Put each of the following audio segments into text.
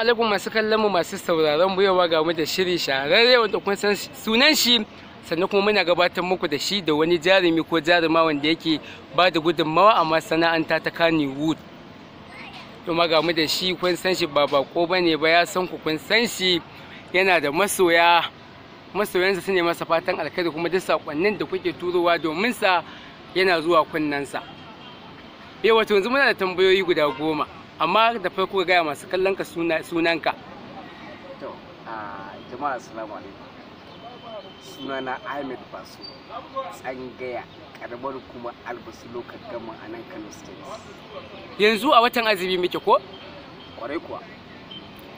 alaikum masu kallon mu masu sauraron mu yawa ga mu da shiri shahararre wanda kun san sunan shi sannan kuma muna gabatar muku da shi da wani jarumi ko jaruma wanda yake ba da gudunmawa a masana'anta ta Kannywood. Kuma ga mu da shi kun san shi ba bako bane ba ya san ku kun san shi yana da masoya masoyansa su ne masa fatan alkhairi kuma duk sakonnin da kuke turowa domin sa yana zuwa kunnensa. Yau eh, wato yanzu muna da tambayoyi guda goma. amma da farko gaya masu kallon ka ka to a jama'a assalamu alaikum sunana ahmed basu tsangaya karamar kuma albasu lokacin gama a nan kano state yanzu a watan azumi muke ko kwarai kuwa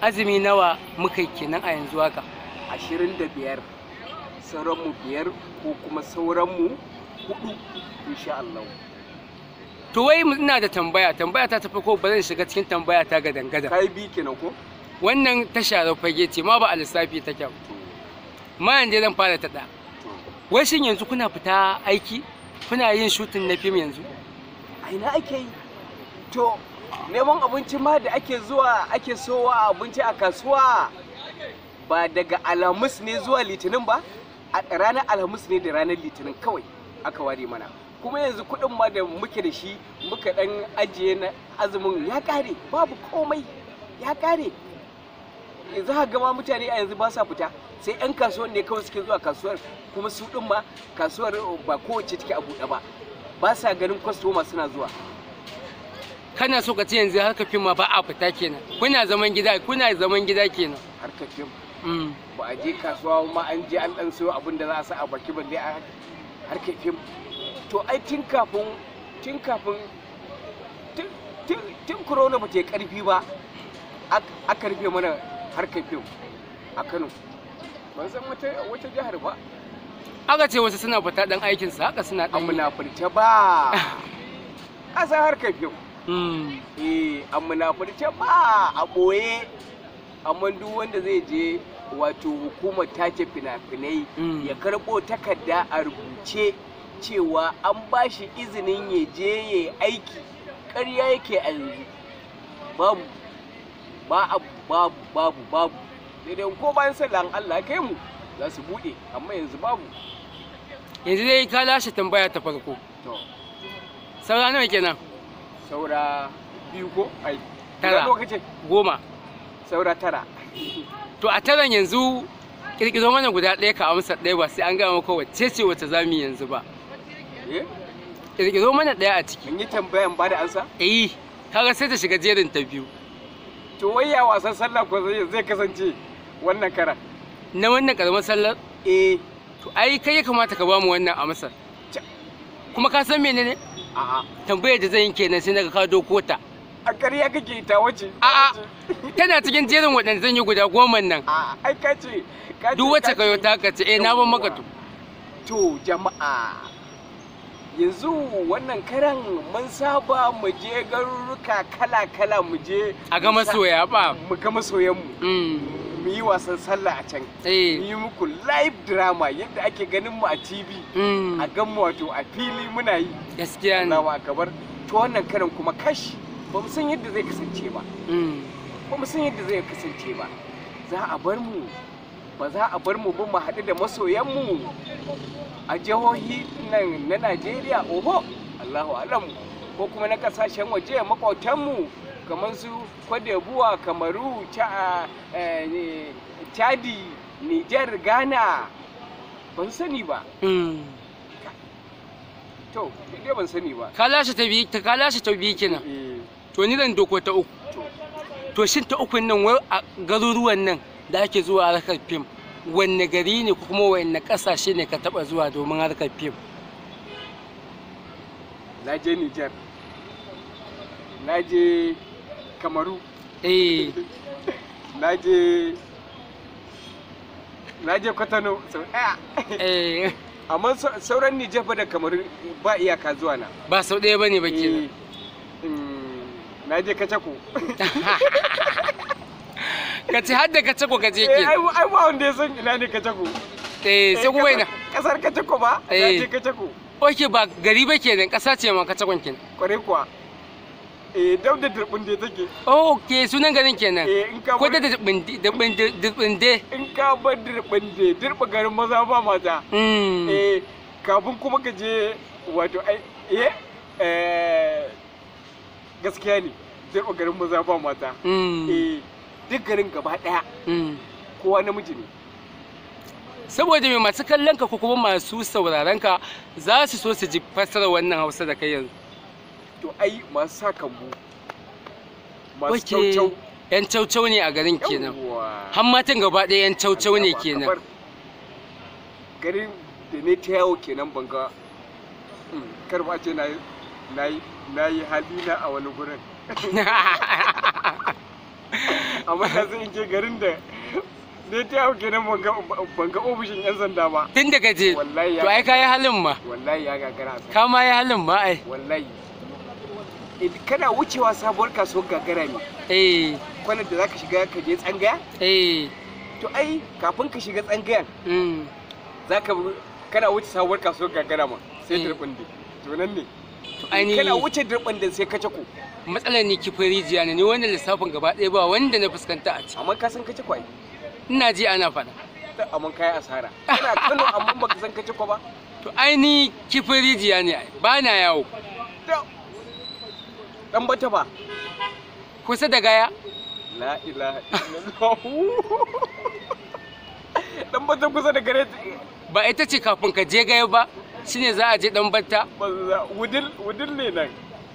azumi nawa muka kenan a yanzu haka ashirin da biyar sauranmu biyar ko kuma sauranmu hudu insha Allah to wai ina da tambaya tambaya ta tafi ko ba zan shiga cikin tambaya ta ga dangada kai bi kenan ko wannan ta sharo fage ce ma ba a lissafi ta kyau ma yanzu zan fara ta da wai shin yanzu kuna fita aiki kuna yin shooting na fim yanzu a ina ake yi to neman abinci ma da ake zuwa ake sowa abinci a kasuwa ba daga alhamis ne zuwa litinin ba a ranar alhamis ne da ranar litinin kawai aka ware mana kuma yanzu kuɗin ma da muke da shi muka ɗan ajiye na azumin ya ƙare babu komai ya ƙare yanzu haka gama mutane a yanzu ba sa fita sai 'yan kasuwar ne kawai suke zuwa kasuwar kuma su ɗin ma kasuwar ba kowace take a buɗe ba ba sa ganin kwastoma suna zuwa kana so ka ce yanzu harka fim ma ba a fita kenan kuna zaman gida kuna zaman gida kenan harkar fim mm. ba a je kasuwa ma an je an ɗan sayo abin da za a sa a baki dai a harkar fim to ai tun kafin tun kafin tun corona ba ta karfi ba aka rufe mana harkar fim a kano ban san wata jihar ba aka ce wasu suna fita dan aikin sa haka suna dan munafurce ba a san harkar fim hmm. eh a munafurce ba a boye amma duk wanda zai je wato hukumar take fina-finai hmm. ya karɓo takarda a rubuce cewa an ba shi izinin ya je ya aiki ƙarya yake a yanzu babu ba babu babu babu daidai ko bayan sallan Allah kai mu za su buɗe amma yanzu babu yanzu dai ka lashe tambaya ta farko to saura nawa kenan saura biyu ko ai tara goma saura tara to a taran yanzu kirkizo mana guda ɗaya ka amsa ɗaya ba sai an gama maka wacce ce wacce zamu yanzu ba eh, eh zo mana daya a ciki Mun yi tambayan ba da ansa eh kaga sai ta shiga jerin ta biyu to ya wasan sallah ko zai kasance wannan kara na wannan karamar sallar eh to ai kai ya kamata ka bamu wannan a masar kuma ka san menene a'a tambayar da zan yi kenan sai naga ka doko ta a ƙarya kake ta wace a'a tana cikin jerin waɗanda zan yi guda goma nan ai ce. duk wacce kayo ta kace eh na ban maka to to jama'a yanzu wannan karan mun saba mu je garuruka kala-kala mu je a ga masoya ba mu ga masoyan mm. mu yi wasan sallah a can eh. mu yi muku live drama yadda ake ganin mu a tv mm. a gan mu wato a fili muna yi gaskiya ne wa kabar to wannan karan kuma kash ba mu san yadda zai kasance ba mm. ba mu san yadda zai kasance ba za a bar mu ba za a bar mu ba mu haɗu da masoyanmu a jihohi nan na najeriya oho allahu alam ko kuma na kasashen waje makwautanmu kamar su kwadebuwa kamaru eh, chadi niger ghana ban sani ba hmm. to dai ban sani ba ka lashe ta biyu ka lashe ta biyu kenan eh. to ni zan doko ta uku to shin ta uku nan wai a garuruwan nan da ake zuwa harkar fim wanne gari ne ko kuma wanne kasashe ne ka taba zuwa domin harkar fim na je niger na je kamaru eh na je na je kwatano sau eh amma sauran niger ba da kamaru ba iyaka zuwa na ba sau daya bane ba kenan eh. mm, na je kacako ka ce har da kacako ka ke eh, ai ai ba wanda ya san ina ne kacako eh sai ku baina eh, kasar kacako ba na eh. je kacako oke ba gari ba kenan kasa ce ma kacakon kenan kware kuwa eh dab da durbinde take ke sunan garin kenan ko da durbinde da in ka bar da dirba garin maza ba mata hmm. eh kafin kuma ka je wato ai eh gaskiya ne durba garin maza ba mata hmm. eh duk garin gaba daya hmm. kowa namiji ne saboda mai masu kallon ka ko kuma masu sauraron ka za su so su ji fasara wannan hausa da kai yanzu to ai masu sa mu masu yan ne a garin kenan har matan gaba ɗaya yan kyaukyau ne kenan garin da ne ta yawo kenan banga hmm, ce na yi hali na a wani gurin amma yanzu in je garin da ne ta yau kenan ban ga ofishin yan sanda ba tun da gaje to ai ka yi halin ma wallahi ya gagara ka ma yi halin ma ai wallahi kana wucewa sabuwar kasuwar gagara ne eh kwanan da zaka shiga ka je tsangaya eh to ai kafin ka shiga tsangayan hmm. zaka kana wuce sabuwar kasuwar gagara ma sai turbin hmm. to nan ne kana wuce turbin sai ka cako matsalar ni kifin rijiya ne ni wannan lissafin gaba ɗaya ba wanda na fuskanta a ci. amma ka san kace kwai ina ji ana faɗa amma kai asara ina kano amma baka san kace kwa ba to ai ni kifin rijiya ne ba na yawo dan bata ba kusa da gaya la ilaha dan bata kusa da gare ba ita ce kafin ka je gaya ba shine za a je dan bata wudil wudil ne nan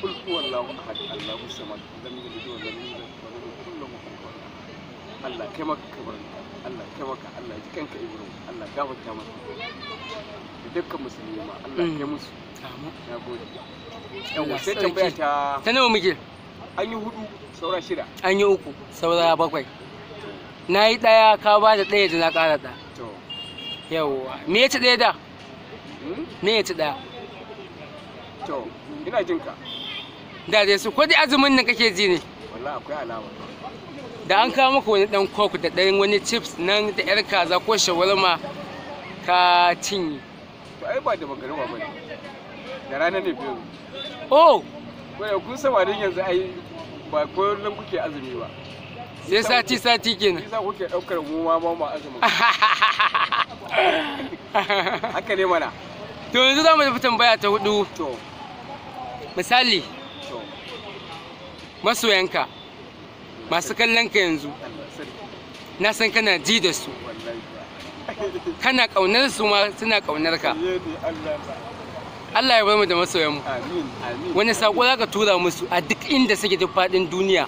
kul huwallahu ahad allahu wa lam Allah kai maka Allah kai maka Allah ji kanka Allah gafarta da dukkan musulmi ma Allah kai mm. musu na gode tambaya ta ta nawa muke an yi hudu saura shida an yi uku saura bakwai na yi ɗaya ka ba da ɗaya da na ƙara ɗa yawwa me ya ci ɗaya da hmm? me ya ci ɗaya ina jin ka da dai su ko dai azumin nan kake ji ne wallahi akwai alama da an kawo maka wani dan coke da dan wani chips nan da yar kaza ko shawarma ka cinye to ai ba da magarba bane da rana ne biyu oh wai kun samarin yanzu ai ba ko kullum kuke azumi ba sai sati sati kenan sai kuke daukar mu ma ba mu azumi haka ne mana to yanzu zamu tafi tambaya ta hudu to misali masoyanka masu kallon ka yanzu na san kana ji da su kana kaunar su ma suna kaunar ka Allah ya bar mu da masoyan mu wani sako za ka tura musu a duk inda suke duk faɗin duniya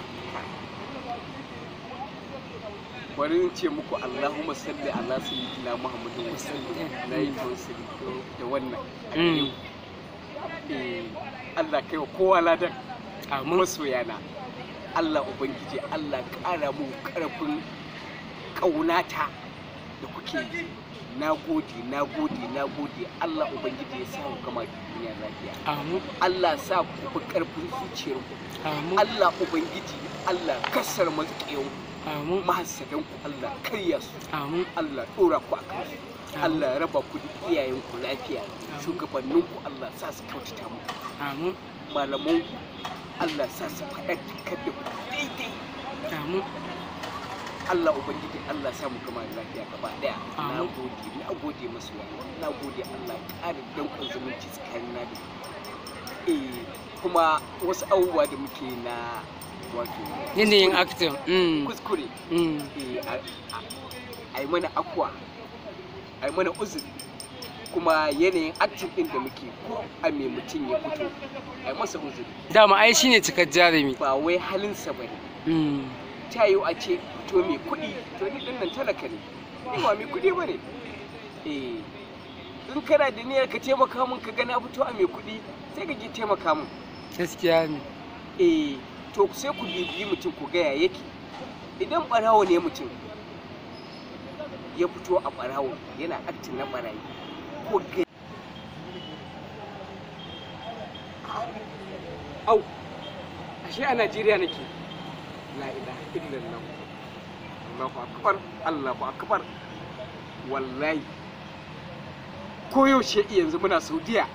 bari in ce muku Allahumma salli ala sayyidina Muhammadin wa sallim na yi da wannan hmm. Eh, Allah kai yi kowa ladan amin masoyana Allah ubangiji Allah ƙara mu ƙarfin ƙaunata da kuke yi na gode na gode na gode Allah ubangiji ya sa ku kama duniya lafiya amin Allah sa ku fi ƙarfin zuciyar ku amin Allah ubangiji Allah kasar matsiyan ku amin mahassadan ku Allah karya su amin Allah dora ku akan su Allah ya raba ku duk iyayen ku lafiya shugabannin ku Allah sa su kautata mu amin malaman ku Allah sa su dukkan da ku daidai amin Allah ubangiji Allah sa mu kama lafiya gaba daya na gode na gode masu na gode Allah ƙara dankon zumunci tsakanin na da eh kuma wasu abubuwa da muke na wato yanayin acting kuskure mm. Mm. Eh, a yi mana akwa a mana uzuri kuma yanayin aktin din da muke ko a me mutum ya fito a masa uzuri dama ai shine cikar jarumi ba wai halin ba ne hmm. ta yi a ce to me kuɗi to ni ɗin nan talaka ne ni ba me kuɗi ba ne eh in kana da niyyar ka taimaka min ka na fito a mai kuɗi sai ka ji taimaka min gaskiya ne eh to sai ku bi mutum ku gaya yake idan ɓarawo ne mutum ya fito a barawo yana aktin na barayi ko au ashe a najeriya nake la ilaha illallah allahu akbar allahu akbar wallahi koyaushe yanzu muna saudiya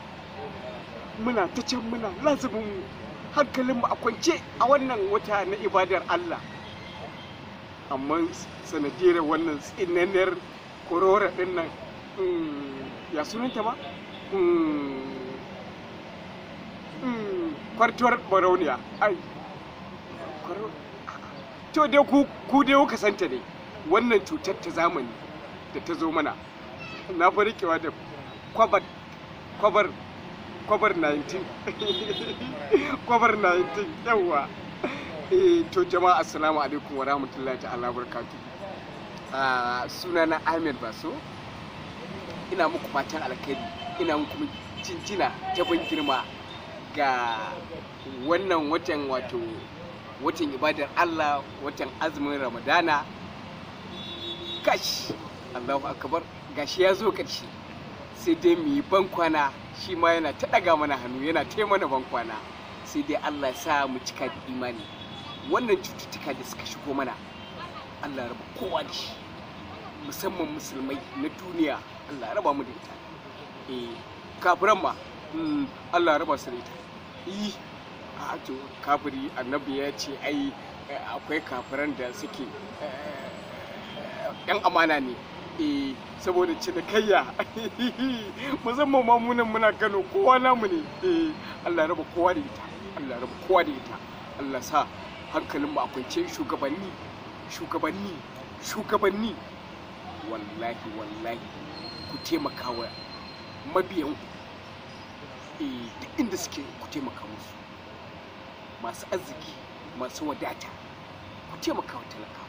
muna ta can muna lazumin hankalinmu a kwance a wannan wata na ibadar allah amma sanadiyar wannan tsinaniyar korora din nan hmm, ya sunanta ma hmm, hmm, kwartuwar barauniya ai to dai ku dai kuka santa ne wannan cutar ta zamani da ta zo mana na farkewa da kwabar kwabar kwabar 19 kwabar 19 yawwa Eh to jama'a assalamu alaikum wa rahmatullahi ta'ala barkatu. Ah, suna na Ahmed Baso. Ina muku fatan alkhairi, ina muku cincina ta ban girma ga wannan watan wato watan ibadar Allah, watan azumin Ramadana. Kash, Allahu akbar, gashi ya zo karshe. Sai dai mu yi ban kwana shi ma yana ta daga mana hannu, yana mana ban kwana sai dai Allah sa mu cika imani wannan cututtuka da suka shigo mana allah raba kowa da shi musamman musulmai na duniya allah raba mu da ita eh kafiran ma hmm, allah raba su da ita eh a to kafiri annabi ya ce ai eh, akwai kafiran da suke eh, yan amana ne eh saboda cinikayya musamman mamunan muna kano kowa namu ne eh allah raba kowa da ita allah raba kowa da ita allah sa hankalin mu a kwance shugabanni shugabanni shugabanni wallahi wallahi ku taimaka wa mabiyan ku eh, duk inda suke ku taimaka musu masu arziki masu wadata ku taimaka wa talaka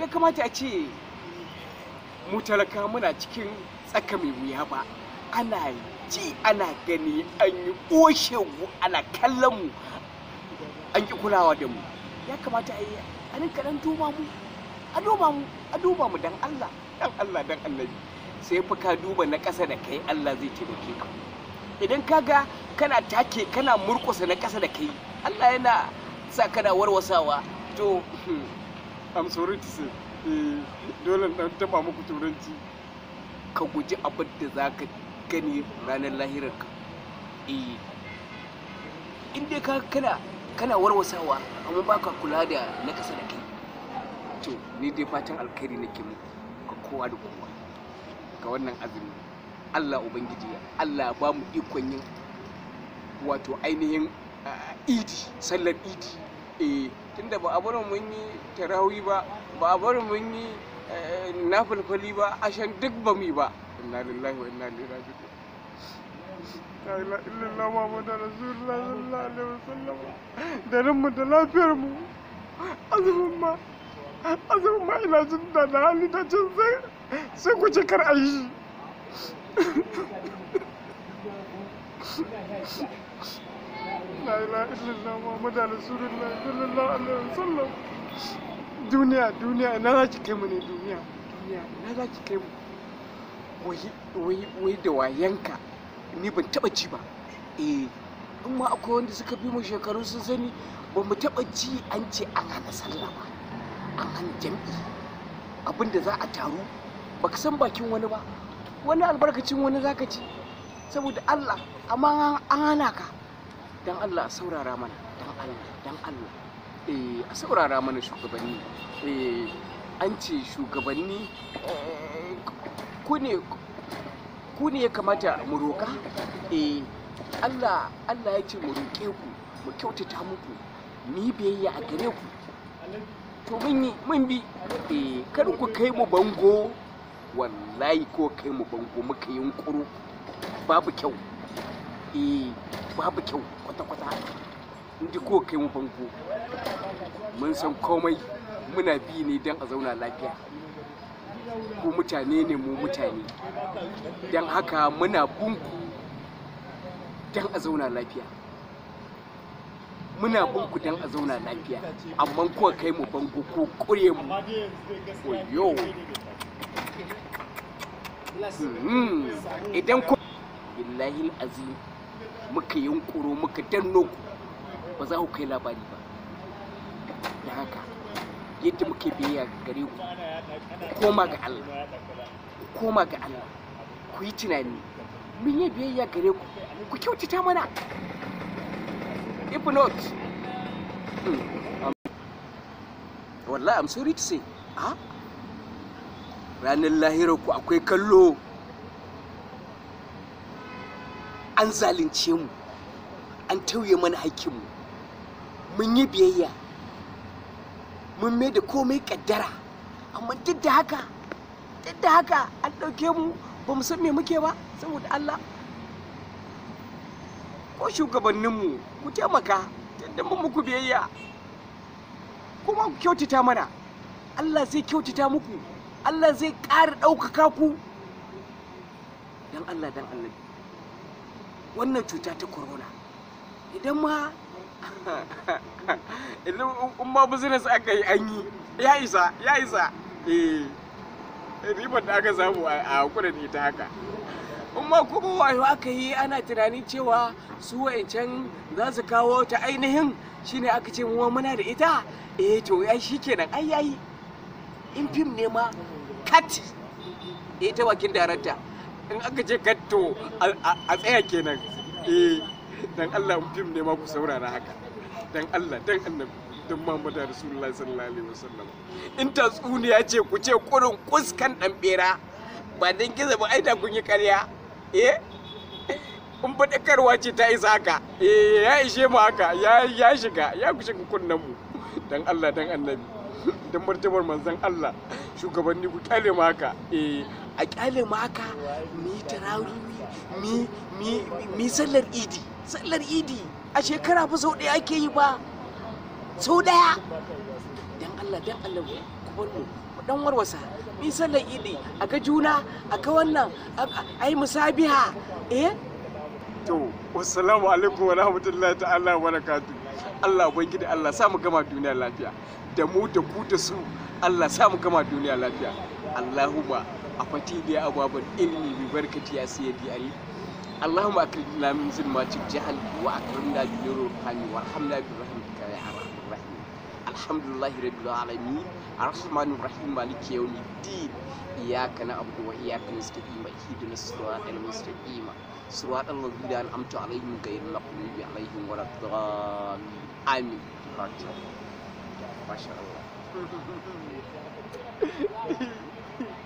ya kamata a ce mu talaka muna cikin tsaka mai wuya ba ana ji ana gani an yi ƙoshewu ana kallon mu an ki kulawa da mu ya kamata a yi a rinka dan duba mu a duba mu a duba mu dan Allah dan Allah dan Annabi sai fa ka duba na ƙasa da kai Allah zai taimake ka idan ka ga kana take kana murƙusa na ƙasa da kai Allah yana sa kana warwasawa to hmm, I'm sorry to say eh, dole dan taba muku turanci ka guji abin da za ka gani ranar lahirarka eh in dai ka kana kana warwasawa amma baka kula da na kasa da kai to ni dai fatan alkhairi nake muku ga kowa da kowa ga wannan azumi Allah ubangiji Allah ba mu ikon yin wato ainihin ah, idi sallar idi eh tunda ba a bar mun yi tarawih ba ba a bar mun yi eh, nafilfali ba ashan duk ba mu yi ba inna lillahi wa inna ilaihi raji'un la ilaha illallah muhammadu rasulullah sallallahu alaihi wasallam garin mu da lafiyar mu azumin ma azumin ma ina jin da na hali da jin sai sai ku a yi la ilaha illallah muhammadu rasulullah sallallahu alaihi wasallam duniya duniya ina za ki kai mu ne duniya duniya ina za ki kai mu wai da wayanka ni ban taba ji ba eh in ma akwai wanda suka bi mu shekaru sun sani ba mu taba ji an ce an hana sallah ba an hana jam'i abinda za a taru baka san bakin wani ba wani albarkacin wani zaka ci saboda Allah amma an hana ka dan Allah a saurara mana dan Allah dan Allah eh a saurara mana shugabanni eh an ce shugabanni eh, ku ne ku ne ya kamata mu roka eh Allah Allah ya ce mu roke ku mu kyautata muku ni biyayya a gare ku to mun yi mun bi eh kar ku kai mu bango wallahi ko kai mu bango muka yunkuru babu kyau eh babu kyau kwata-kwata inda ko kai mu bango mun san komai muna bi ne dan a zauna lafiya ku mutane ne mu mutane don haka muna bunku don a zauna lafiya muna bunku don a zauna lafiya amma kuwa kai mu bango ko kure mu oyo hmm. idan ku billahi azim muka yunkuro muka danno ku ba za ku kai labari ba don haka yadda muke biyayya gare ku koma ga Allah koma ga Allah ku yi tunani mun yi biyayya gare ku ku kyautata mana if not hmm, um, wallahi am sorry to say ha ah, ranar lahirar ku akwai kallo an zalunce mu an tauye mana hakkinmu mun yi biyayya mun mai da komai kaddara amma duk da haka duk da haka an ɗauke mu ba mu san me muke ba saboda Allah ko shugabanninmu ku taimaka tunda mun muku biyayya kuma ku kyautata mana Allah zai kyautata muku Allah zai ƙara ɗaukaka ku dan Allah dan Allah wannan cuta ta corona idan ma idan in ma business aka yi an yi ya isa ya isa eh ribar da aka samu a hakura ne ta haka in ma kuma wayo aka yi ana tunanin cewa su wa'ancan za su kawo ta ainihin shine aka ce mu muna da ita eh to ya shikenan ai yayi in fim ne ma kat eh ta wakin darakta in aka ce kat to a tsaya kenan eh dan Allah in fim ne ma ku saurara haka dan Allah dan annabi dan Muhammadu Rasulullahi sallallahu alaihi wasallam in tatsuniya ce ku ce kurin kuskan dan bera ba dan gizo ba ai da kun yi ƙarya eh in karwa ce ta isa haka eh ya ishe mu haka ya ya shiga ya ku shiga kunnan mu dan Allah dan annabi dan martabar manzon Allah shugabanni ku kale mu haka eh a kyale mu haka mi tarawihi mi mi mi sallar idi sallar idi a shekara fa sau ɗaya ake yi ba sau ɗaya dan Allah dan Allah ku bar mu dan warwasa mi sallar idi a ga juna a ga wannan ai musabiha eh to assalamu alaikum wa rahmatullahi ta'ala wa barakatuh Allah ubangiji Allah sa mu gama duniya lafiya da mu da ku da su Allah sa mu gama duniya lafiya Allahumma a fati a ababen ilimi bi barkati ya siya diyari allahumma akrid na min zin ma cik jahal wa akrim na bi nuru wa rahim ya arahim rahim alhamdulillahi rabbil alami rahim maliki yau ni na abu wa ima hidu na ilimin ima suwa dan an amta ga yin lakuni bi alaihim wa amin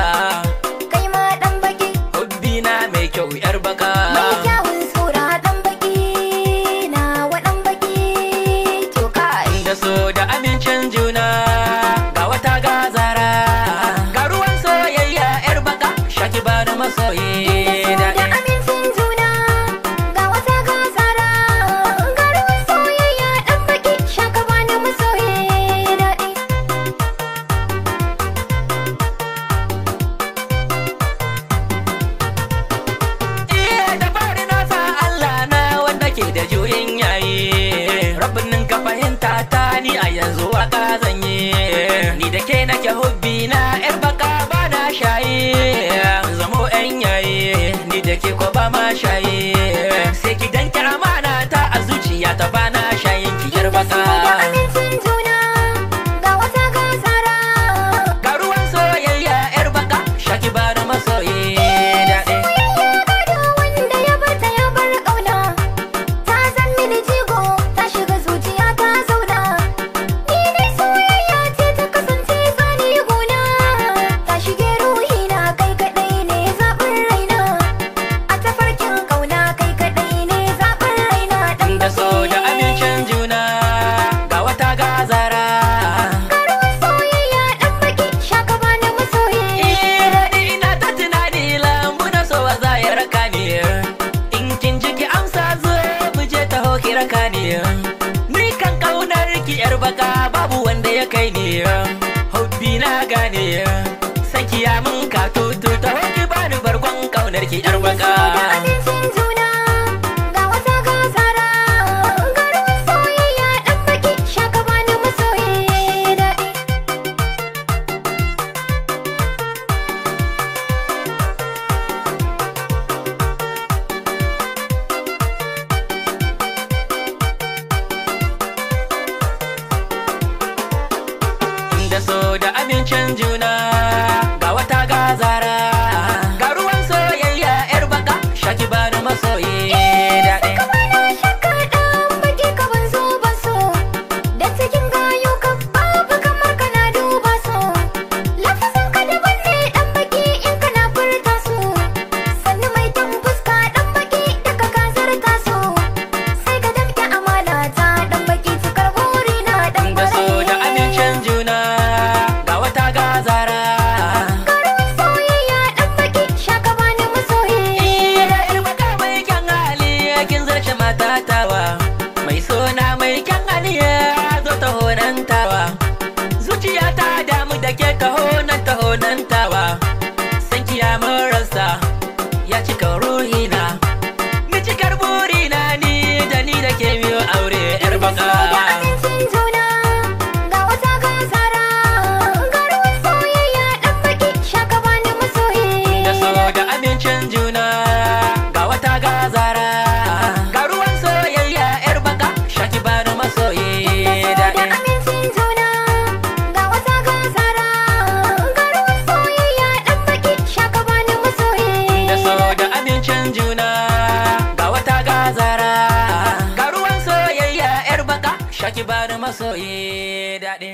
ki bari masoyi daɗe.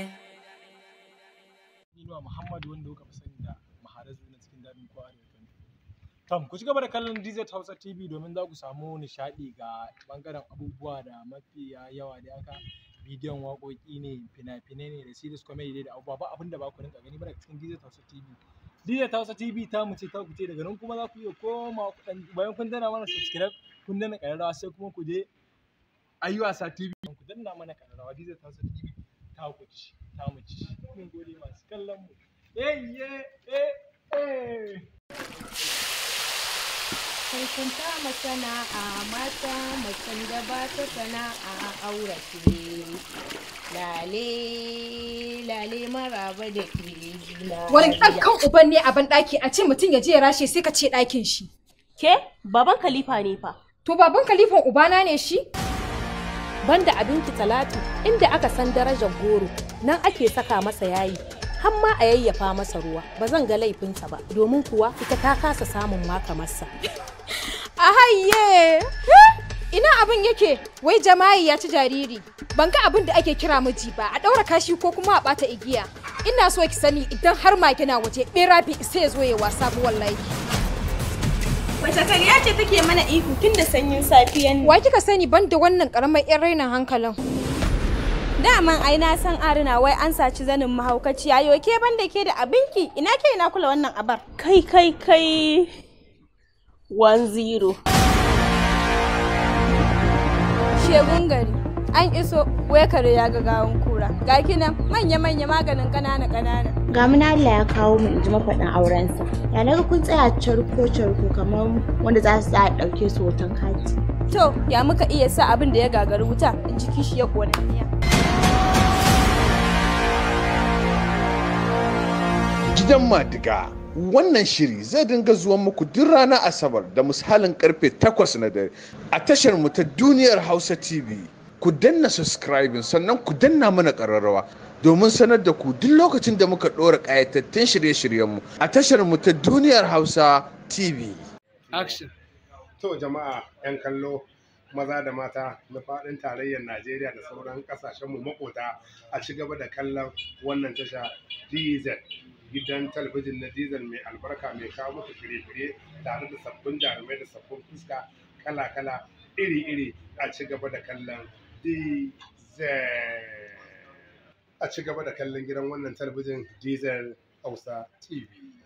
Inuwa wanda da Maharazu na cikin daɗin kowa da Tom, ku ci gaba da kallon DZ Hausa TV domin za ku samu nishaɗi ga ɓangaren abubuwa da mafi yawa da aka bidiyon waƙoƙi ne, fina-finai ne da series comedy da abubuwa ba abin da ba ku rinka gani ba daga cikin DZ Hausa TV. DZ Hausa TV ta mu ce ta ku ce daga nan kuma za ku iya koma bayan kun dana mana subscribe kun dana ƙararrawa sai kuma ku je ayi wasa TV ku danna mana kararrawa Diza ta so TV ta kuci ta muci mun gode masu kallon mu eh eh eh masana a mata sana a sana'a aurace lale lale maraba da ke wani ɗaukan uban ne a banɗaki a ce mutum ya je ya rashe sai ka ce ɗakin shi ke baban khalifa ne fa to baban khalifan ubana ne shi banda abin ki talatu inda aka san darajar goro nan ake saka masa yayi har ma a yayyafa masa ruwa ba zan ga laifinsa ba domin kuwa ita ta kasa samun makamarsa a hayye ina abin yake wai jama'i ya ci jariri ban ga abin da ake kira miji ba a ɗaura kashi ko kuma a ɓata igiya ina so ki sani idan har ma kina waje bera bi isa ya zo ya wasa ba wallahi Wace ce take mana ihu tun da sanyin safiyan Wa kika sani ban da wannan karamar yan rainin hankalin? Daman ai na san arina wai an saci zanin mahaukaci yayo ke ban da ke da abinki ina ke ina kula wannan abar. Kai kai kai. One zero. Shegun gari. An iso wai kare ya ga gawon kura. Ga kinan manya-manya maganin ƙanana-ƙanana. ga na Allah ya kawo mu in ji mafaɗin aurensa ya naga kun tsaya carko carko kamar wanda za su tsaya ɗauke su hoton kati to ya muka iya sa abin da ya gagari wuta in ji kishi ya kona miya gidan madiga wannan shiri zai dinga zuwan muku duk ranar asabar da misalin karfe 8 na dare a tashar mu ta duniyar hausa tv ku danna subscribing sannan ku danna mana ƙararrawa domin sanar da ku duk lokacin da muka ɗora ƙayatattun shirye-shiryenmu a tashar mu ta duniyar hausa tv action to jama'a 'yan kallo maza da mata na faɗin tarayyar najeriya da sauran ƙasashenmu makota a ci gaba da kallon wannan tasha diesel gidan talabijin na diesel mai albarka mai kawo muku fire-fire tare da sabbin jarumai da sabbin fuska kala-kala iri-iri a ci gaba da kallon Diesel. A ci gaba da kallon gidan wannan talabijin Diesel Hausa TV.